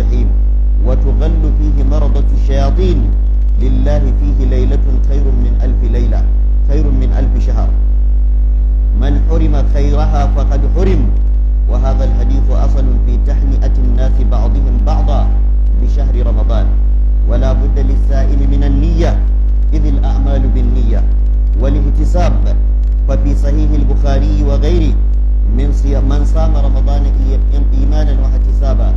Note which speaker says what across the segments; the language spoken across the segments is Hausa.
Speaker 1: الصالحين وتغل فيه مرضة الشياطين لله فيه ليلة خير من ألف ليلة خير من ألف شهر من حرم خيرها فقد حرم وهذا الحديث أصل في تحمئة الناس بعضهم بعضا بشهر رمضان ولا بد للسائل من النية إذ الأعمال بالنية والاهتساب ففي صحيح البخاري وغيره من من صام رمضان إيمانا واحتسابا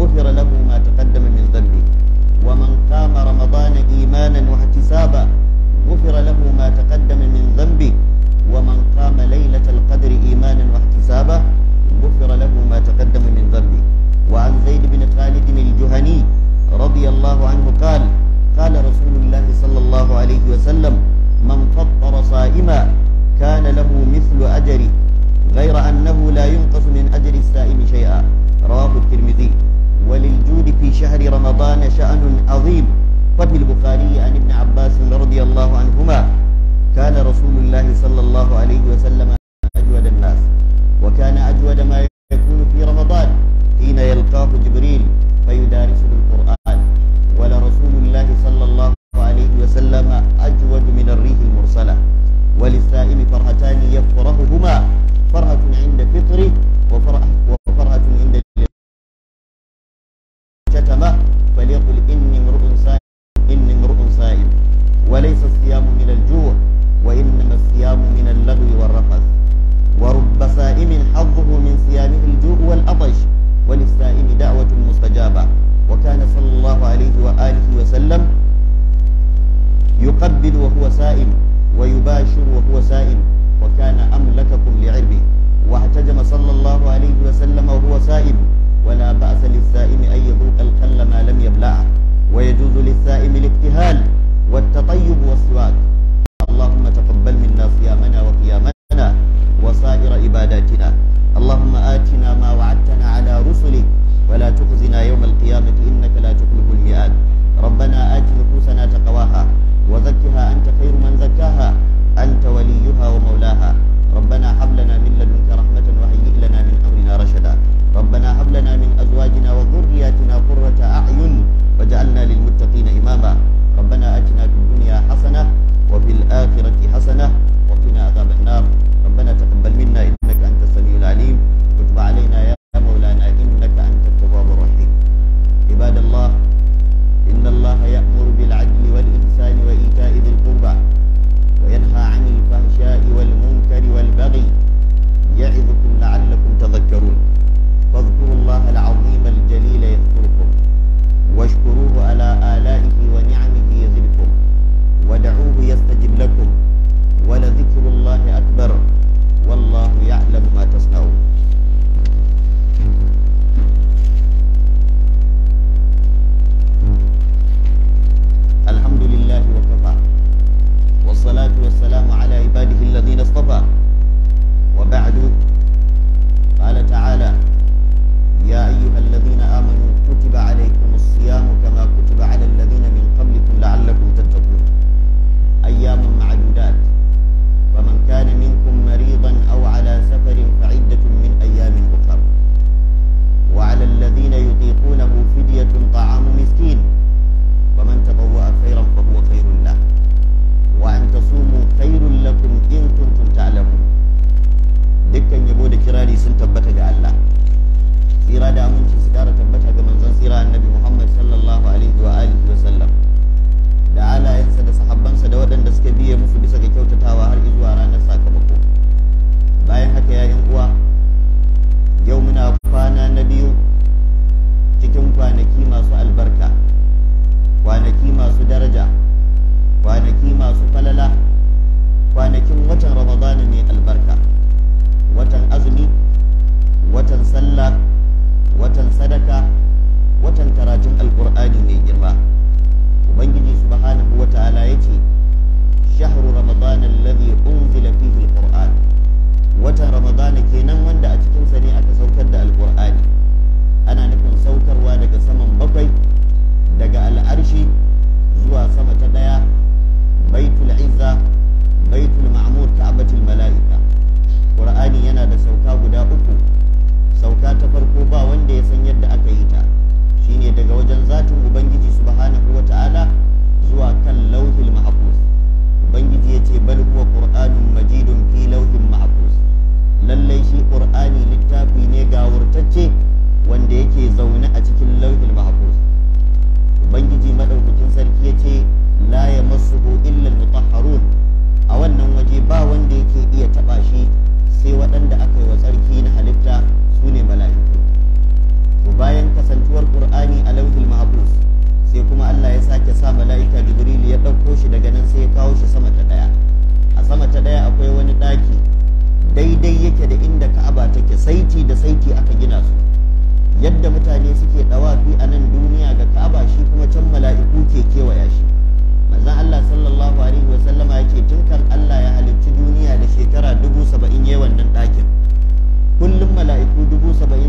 Speaker 1: غفر له ما تقدم من ذنبه ومن قام رمضان إيمانا واحتسابا غفر له ما تقدم من ذنبه ومن قام ليلة القدر إيمانا واحتسابا غفر له ما تقدم من ذنبه وعن زيد بن خالد الجهني رضي الله عنه قال قال رسول الله صلى الله عليه وسلم من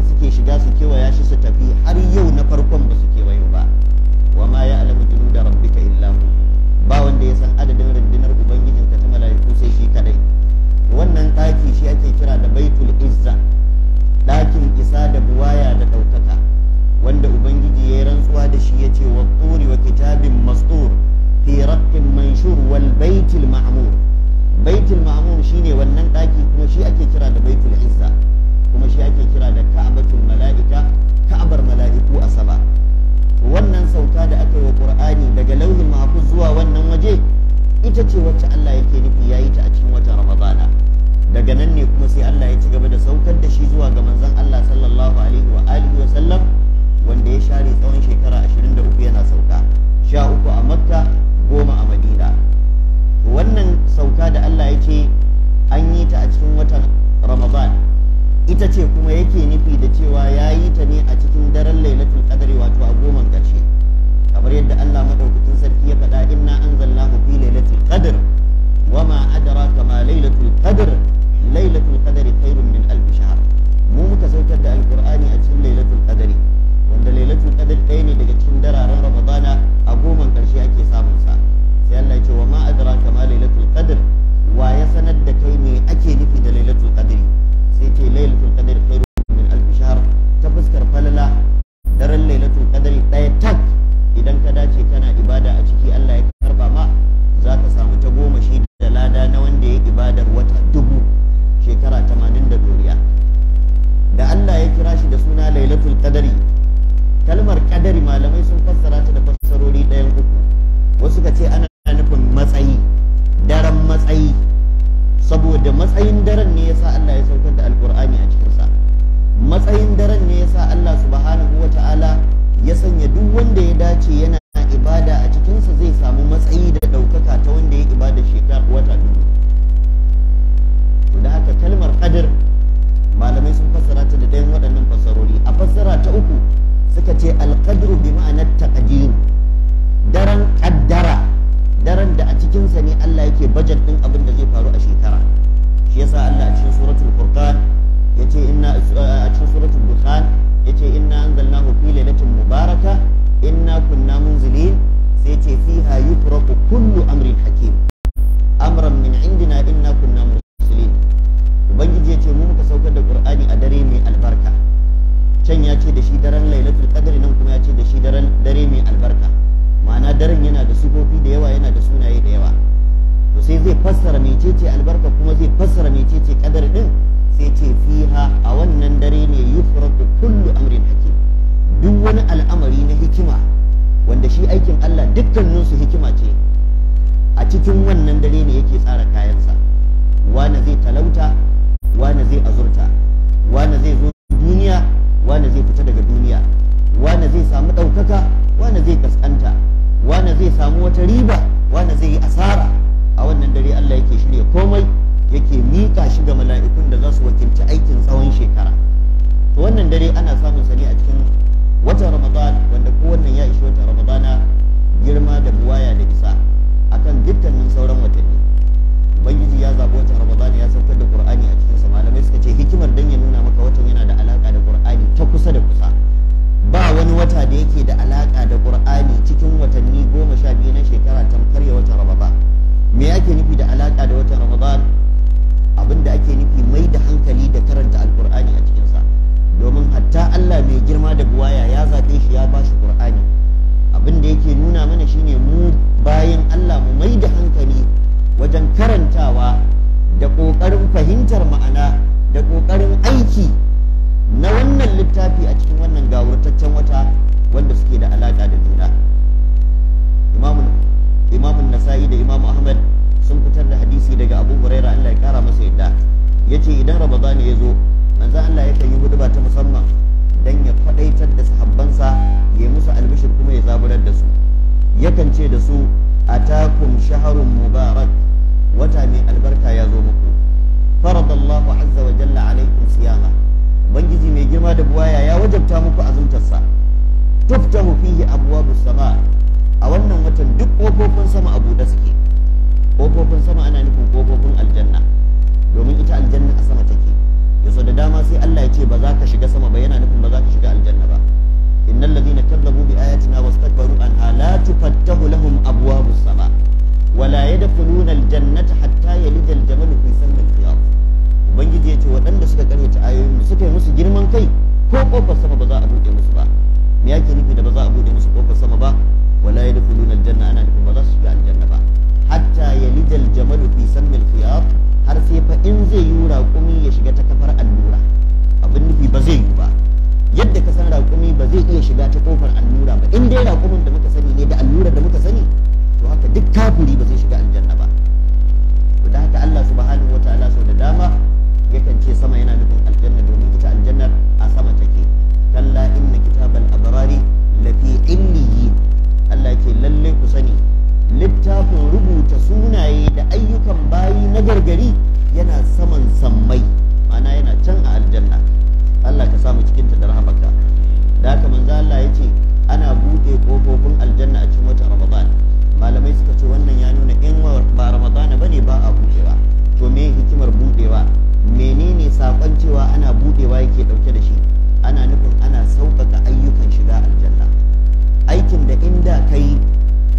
Speaker 1: suke shiga su kewaya shi su tafi har yau na farkon ba su kewayo ba wa ma ya alamu junu da rabbika illa hu ba wanda ya san adadin rundunar ubangijin ka ta mala'iku sai shi kadai wannan daki shi ake kira da baitul izza ɗakin isa da buwaya da daukaka wanda ubangiji ya rantsuwa da shi ya ce wa turi wa kitabin mastur fi raqqin manshur wal baitil ma'mur baitul ma'mur shine wannan daki kuma shi ake kira da baitul izza kuma shi ake kira da ƙasa da aka yi wa ƙur'ani daga lauhin mahafu zuwa wannan waje ita ce wacce Allah yake nufi ya yi ta a cikin watan ramadana daga nan ne kuma sai Allah ya ci gaba da saukar da shi zuwa ga manzon Allah sallallahu alaihi wa alihi wa sallam wanda ya share tsawon shekara 23 yana sauka sha uku a makka goma a madina wannan sauka da Allah ya ce an yi ta a cikin watan ramadan ita ce kuma yake nufi da cewa ya yi ta ne a cikin daren lailatul qadri wato a goman ƙarshe kamar yadda Allah madaukakin sarki ya faɗa inna anzalnahu fi lailatul qadr wama adraka ma lailatul qadr lailatul qadri khairun min alf shahr mu muka saukar da alqur'ani a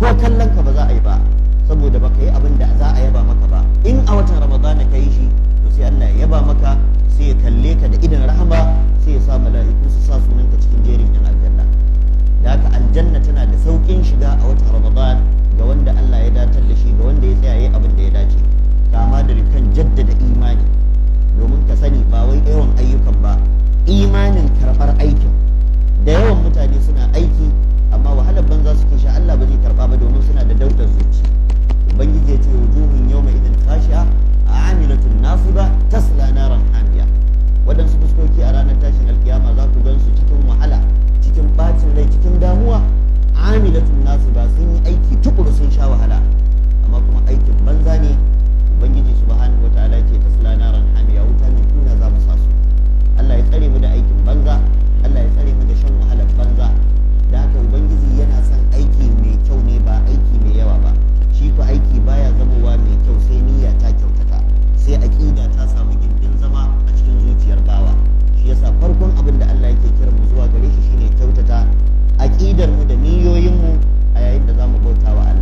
Speaker 1: ko kallon ka ba za a yi ba saboda ba ka yi abin da za a yaba maka ba in a watan ramadana ka yi shi to sai Allah ya yaba maka sai ya kalle ka da idan rahama sai ya sa mala'iku su sa sunanka cikin jerin yan aljanna da haka aljanna tana da saukin shiga a watan ramadan ga wanda Allah ya datar da shi ga wanda ya tsaya yi abin da ya dace kama da rikan jaddada imani domin ka sani ba wai yawan ayyukan ba imanin karɓar aikin da yawan mutane suna aiki amma wahalar banza suke sha Allah ba zai karba ba domin suna da daudar zuci ubangiji ya ce wujuhun yawma idin khashi'a amilatun nasiba tasla naran hamiya waɗansu fuskoki a ranar tashin alkiyama za ku gan su cikin wahala cikin bacin rai cikin damuwa amilatun nasiba sun yi aiki tukuru sun sha wahala amma kuma aikin banza ne ubangiji subhanahu wataala ce tasla naran hamiya wuta ne kuna za mu sa su Allah ya tsare mu da aikin banza Allah ya tsare mu da shan wahalar banza da haka ubangiji yana son aiki mai kyau ne ba aiki mai yawa ba shi fa aiki baya zamowa mai kyau sai niyya ta kyautata sai aƙida ta samu gindin zama a cikin zuciyar bawa shi yasa farkon abin da Allah yake kiran mu zuwa gare shi shine kyautata aƙidar mu da niyoyin mu a yayin da zamu bauta wa Allah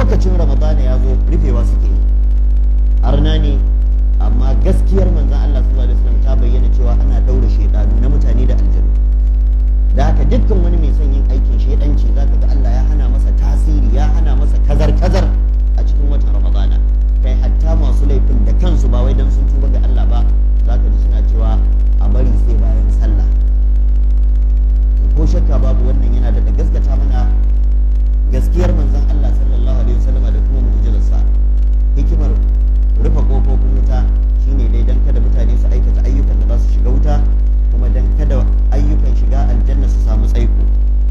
Speaker 1: lokacin ramadana ya zo rufewa suke arna ne amma gaskiyar manzan Allah su alaihi wasallam ta bayyana cewa ana daura shaidanu na mutane da aljanu da haka dukkan wani mai son yin aikin shaidanci za ka ga Allah ya hana masa tasiri ya hana masa kazar kazar a cikin watan ramadana kai hatta masu laifin da kansu ba wai dan sun tuba ga Allah ba Za ka ji suna cewa a bari sai bayan sallah ko shakka babu wannan yana da gaskata mana gaskiyar manzan Allah sallallahu alaihi wasallam da kuma mu'jizarsa hikimar rufe kofofin wuta shine dai dan kada mutane su aikata ayyukan da ba su shiga wuta kuma dan kada ayyukan shiga aljanna su samu tsaiko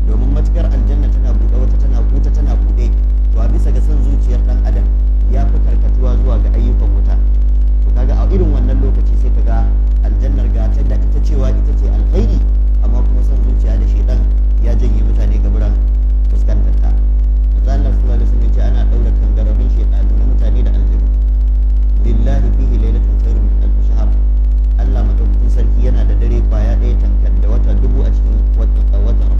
Speaker 1: domin matukar aljanna tana buɗe wata tana tana buɗe to a bisa ga son zuciyar dan adam ya fi karkatuwa zuwa ga ayyukan wuta to kaga a irin wannan lokaci sai ga aljannar ga ta da ita cewa ita ce alkhairi amma kuma son zuciya da shedan ya janye mutane ga gaburan fuskantar ta manzo Allah sallallahu alaihi ce ana daura kangararrun shaytanu na mutane da aljanu lillahi fihi lailatun khairun min alf shahr Allah madaukakin sarki yana da dare kwaya daya tankar da wata dubu a cikin wata watan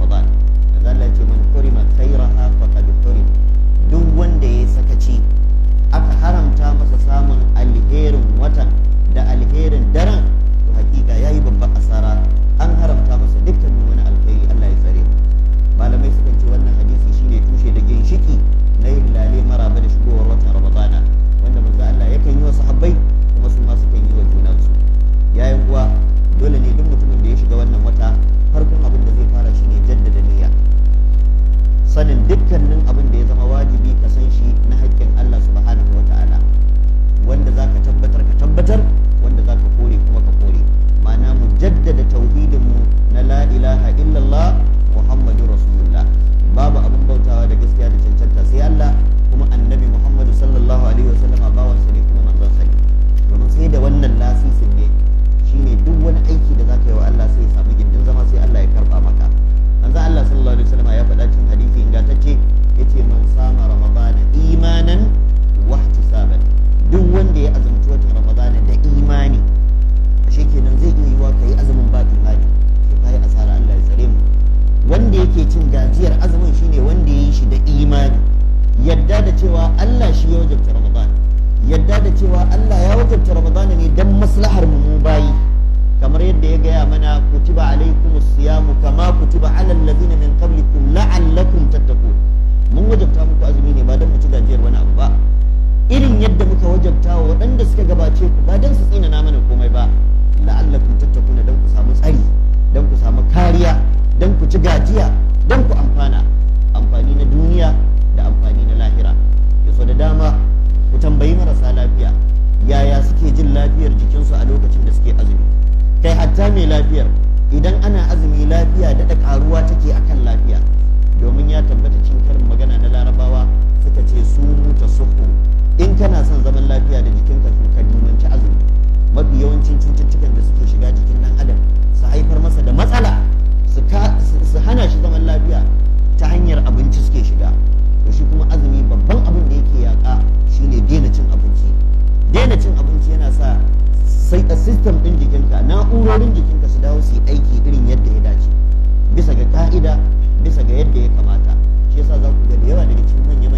Speaker 1: wajabta wa waɗanda suka gabace ku ba don su tsinana mana komai ba tattaku tattakuna don ku samu tsari don ku samu kariya don ku ci gajiya don ku amfana amfani na duniya da amfani na lahira ya so da dama ku tambayi marasa lafiya yaya suke jin lafiyar jikinsu a lokacin da suke azumi kai hatta mai lafiyar idan ana azumi lafiya da ƙaruwa take akan lafiya domin ya tabbata cin karin magana na larabawa suka ce su mutu suku in kana son zaman lafiya da jikinka to ka dimanci azumi mafi yawancin cututtukan da suke shiga jikin dan adam su haifar masa da matsala su hana shi zaman lafiya ta hanyar abinci suke shiga to shi kuma azumi babban abin da yake yaƙa ne daina cin abinci daina cin abinci yana sa sai a system ɗin jikinka na'urorin jikinka su dawo su aiki irin yadda ya dace bisa ga ka'ida bisa ga yadda ya kamata shi yasa za ku ga da yawa daga cikin manyan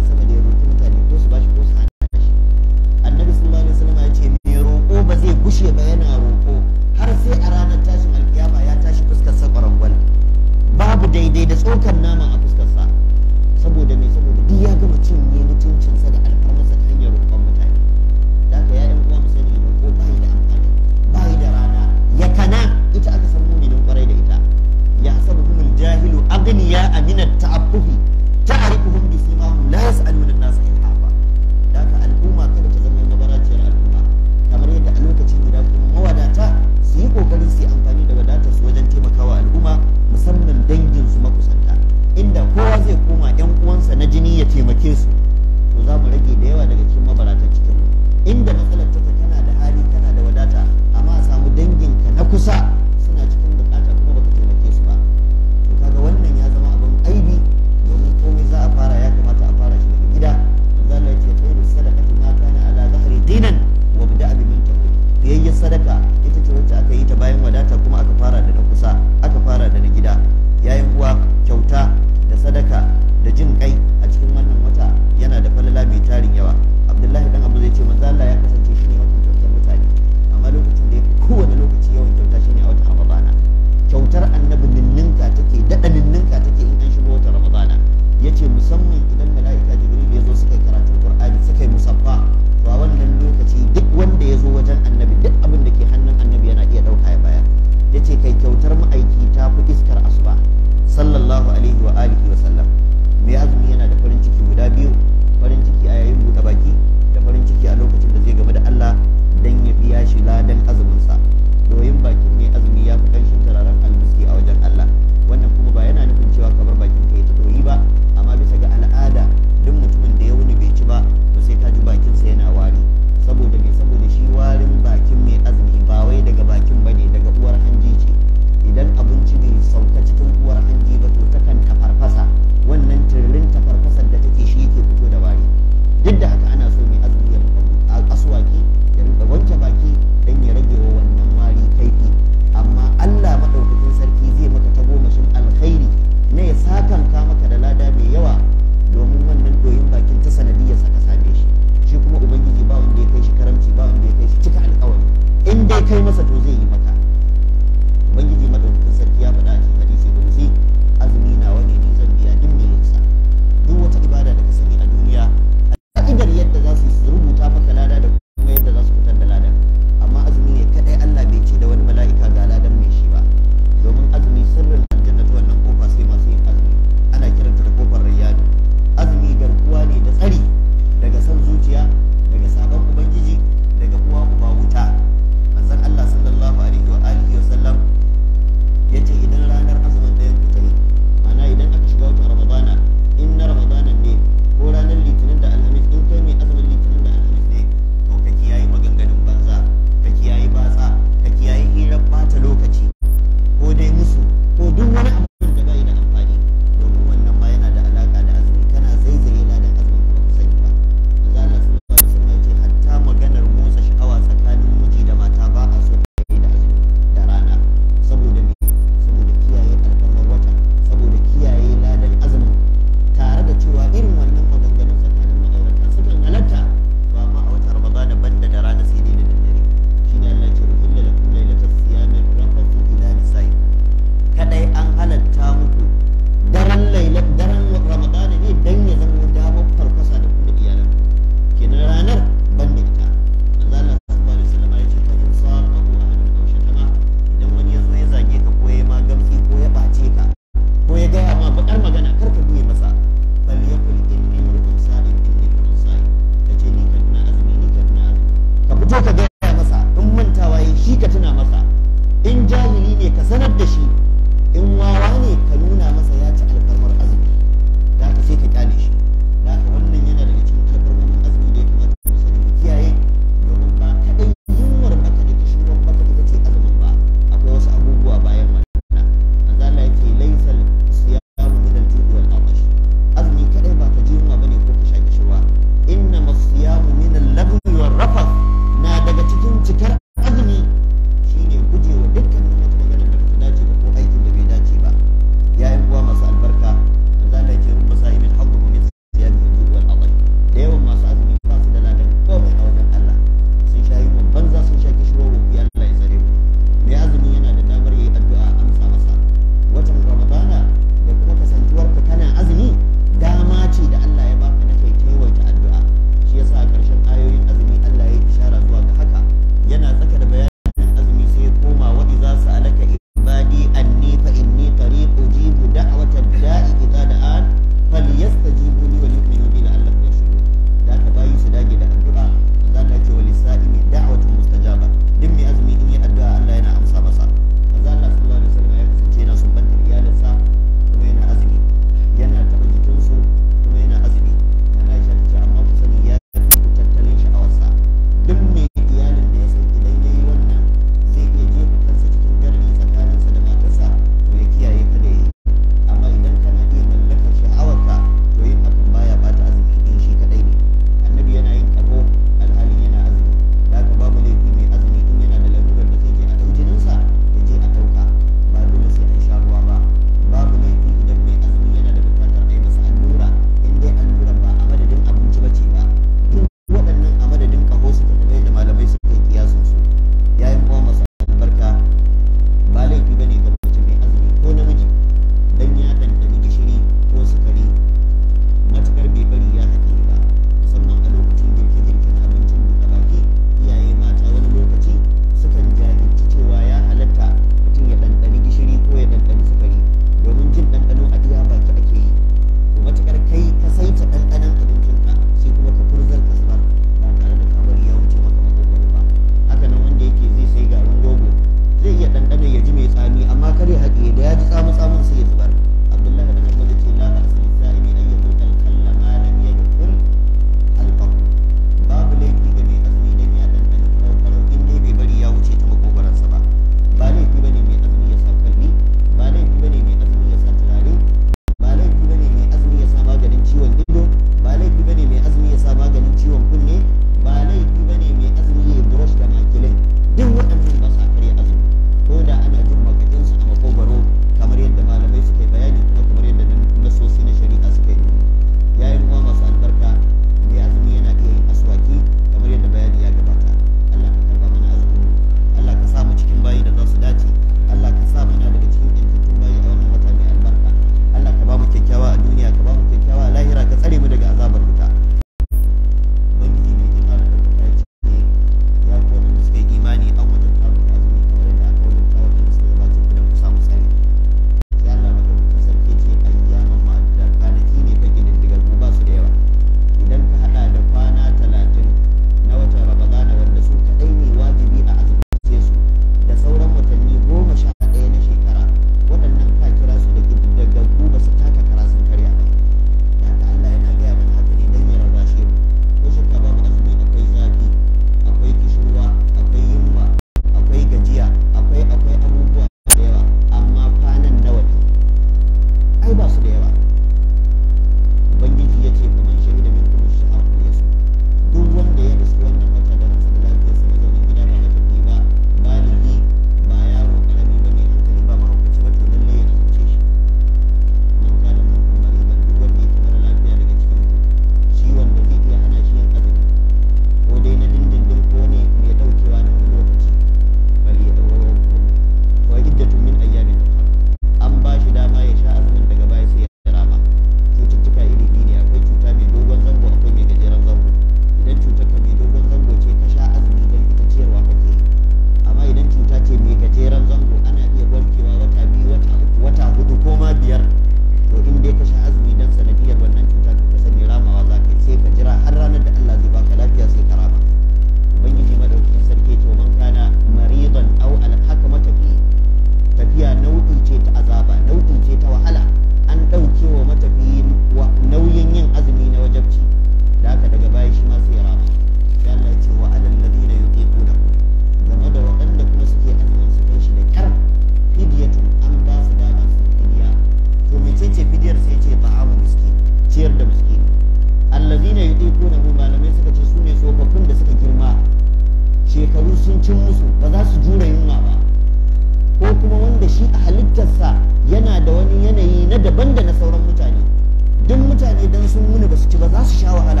Speaker 1: show shower